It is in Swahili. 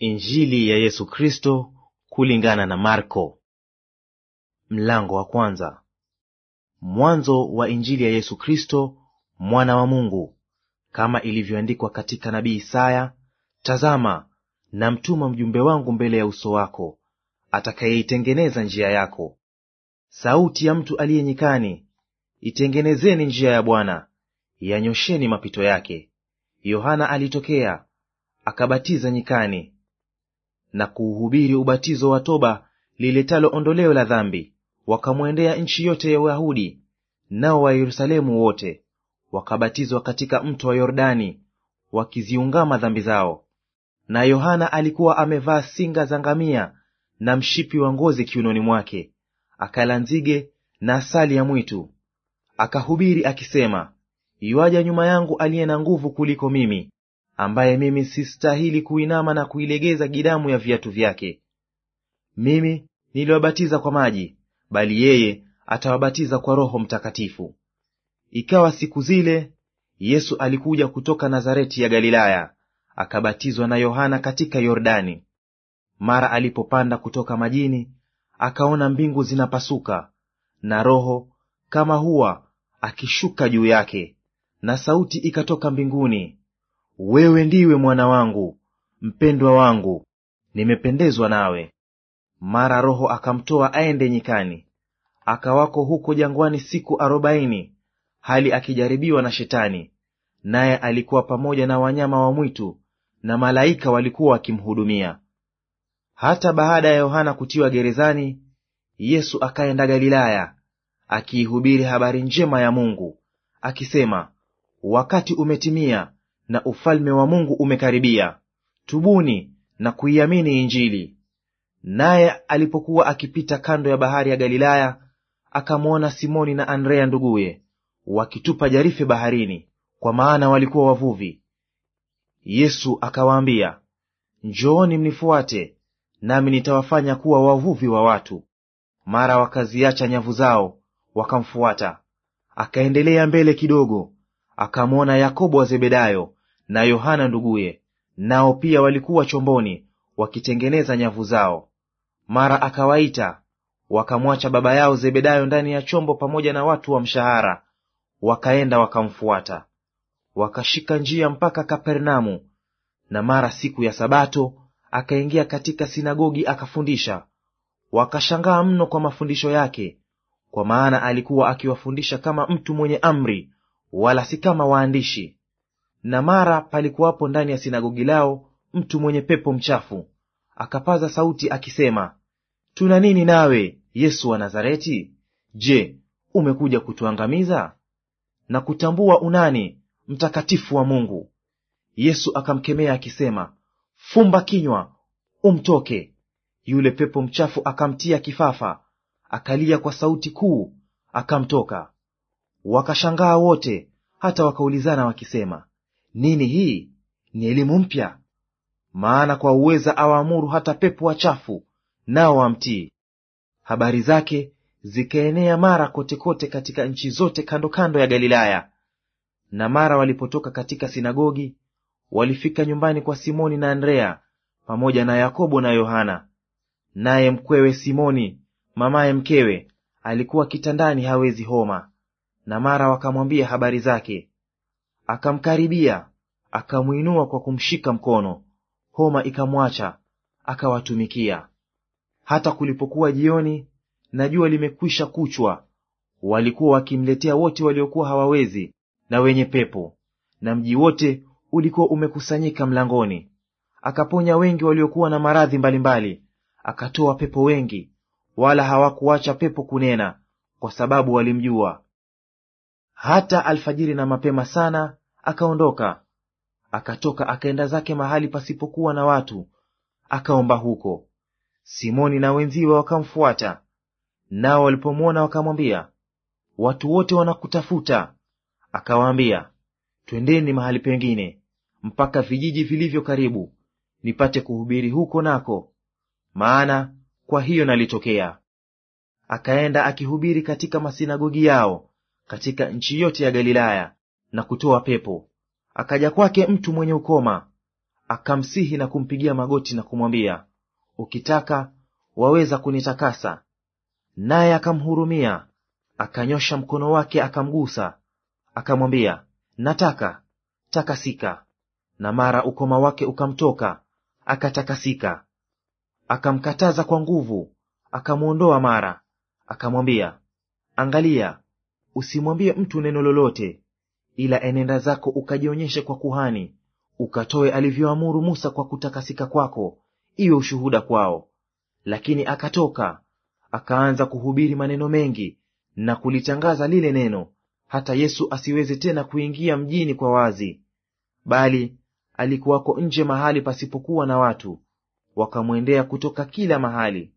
Injili ya Yesu Kristo kulingana na Marko. Mlango wa kwanza. Mwanzo wa Injili ya Yesu Kristo mwana wa Mungu, kama ilivyoandikwa katika nabii Isaya, tazama, namtuma mjumbe wangu mbele ya uso wako, atakayeitengeneza njia yako. Sauti ya mtu aliye nyikani, itengenezeni njia ya Bwana, yanyosheni mapito yake. Yohana alitokea akabatiza nyikani na kuuhubiri ubatizo wa toba liletalo ondoleo la dhambi. Wakamwendea nchi yote ya Wayahudi nao wa Yerusalemu wote, wakabatizwa katika mto wa Yordani, wakiziungama dhambi zao. Na Yohana alikuwa amevaa singa za ngamia na mshipi wa ngozi kiunoni mwake, akala nzige na asali ya mwitu. Akahubiri akisema, iwaja nyuma yangu aliye na nguvu kuliko mimi, ambaye mimi sistahili kuinama na kuilegeza gidamu ya viatu vyake. Mimi niliwabatiza kwa maji, bali yeye atawabatiza kwa Roho Mtakatifu. Ikawa siku zile, Yesu alikuja kutoka Nazareti ya Galilaya, akabatizwa na Yohana katika Yordani. Mara alipopanda kutoka majini, akaona mbingu zinapasuka na Roho kama hua akishuka juu yake, na sauti ikatoka mbinguni wewe ndiwe mwana wangu mpendwa wangu, nimependezwa nawe. Mara Roho akamtoa aende nyikani, akawako huko jangwani siku arobaini, hali akijaribiwa na Shetani, naye alikuwa pamoja na wanyama wa mwitu, na malaika walikuwa wakimhudumia. Hata baada ya Yohana kutiwa gerezani, Yesu akaenda Galilaya akiihubiri habari njema ya Mungu, akisema, wakati umetimia na ufalme wa Mungu umekaribia, tubuni na kuiamini Injili. Naye alipokuwa akipita kando ya bahari ya Galilaya, akamwona Simoni na Andrea nduguye wakitupa jarife baharini, kwa maana walikuwa wavuvi. Yesu akawaambia, Njooni mnifuate, nami nitawafanya kuwa wavuvi wa watu. Mara wakaziacha nyavu zao wakamfuata. Akaendelea mbele kidogo, akamwona Yakobo wa Zebedayo na Yohana nduguye, nao pia walikuwa chomboni wakitengeneza nyavu zao. Mara akawaita, wakamwacha baba yao Zebedayo ndani ya chombo pamoja na watu wa mshahara, wakaenda wakamfuata. Wakashika njia mpaka Kapernaumu. Na mara siku ya Sabato akaingia katika sinagogi akafundisha. Wakashangaa mno kwa mafundisho yake, kwa maana alikuwa akiwafundisha kama mtu mwenye amri, wala si kama waandishi. Na mara palikuwapo ndani ya sinagogi lao mtu mwenye pepo mchafu, akapaza sauti akisema, tuna nini nawe, Yesu wa Nazareti? Je, umekuja kutuangamiza? Na kutambua unani mtakatifu wa Mungu, Yesu akamkemea akisema, fumba kinywa, umtoke. Yule pepo mchafu akamtia kifafa, akalia kwa sauti kuu, akamtoka. Wakashangaa wote, hata wakaulizana wakisema, nini hii? Ni elimu mpya. Maana kwa uweza awaamuru hata pepo wachafu, nao wamtii. Habari zake zikaenea mara kotekote katika nchi zote kando kando ya Galilaya. Na mara walipotoka katika sinagogi, walifika nyumbani kwa Simoni na Andrea pamoja na Yakobo na Yohana. Naye mkwewe Simoni, mamaye mkewe, alikuwa kitandani hawezi homa. Na mara wakamwambia habari zake, Akamkaribia, akamwinua kwa kumshika mkono, homa ikamwacha, akawatumikia. Hata kulipokuwa jioni na jua limekwisha kuchwa, walikuwa wakimletea wote waliokuwa hawawezi na wenye pepo, na mji wote ulikuwa umekusanyika mlangoni. Akaponya wengi waliokuwa na maradhi mbalimbali, akatoa pepo wengi, wala hawakuacha pepo kunena, kwa sababu walimjua. Hata alfajiri na mapema sana akaondoka akatoka akaenda zake mahali pasipokuwa na watu, akaomba huko. Simoni na wenziwe wakamfuata, nao walipomwona wakamwambia, watu wote wanakutafuta. Akawaambia, twendeni mahali pengine mpaka vijiji vilivyo karibu, nipate kuhubiri huko nako, maana kwa hiyo nalitokea. Akaenda akihubiri katika masinagogi yao katika nchi yote ya Galilaya na kutoa pepo. Akaja kwake mtu mwenye ukoma, akamsihi na kumpigia magoti na kumwambia, ukitaka waweza kunitakasa. Naye akamhurumia, akanyosha mkono wake, akamgusa, akamwambia, nataka, takasika. Na mara ukoma wake ukamtoka, akatakasika. Akamkataza kwa nguvu, akamwondoa mara, akamwambia, angalia, usimwambie mtu neno lolote, ila enenda zako ukajionyeshe kwa kuhani, ukatoe alivyoamuru Musa kwa kutakasika kwako, iwe ushuhuda kwao. Lakini akatoka akaanza kuhubiri maneno mengi na kulitangaza lile neno, hata Yesu asiweze tena kuingia mjini kwa wazi, bali alikuwako nje mahali pasipokuwa na watu, wakamwendea kutoka kila mahali.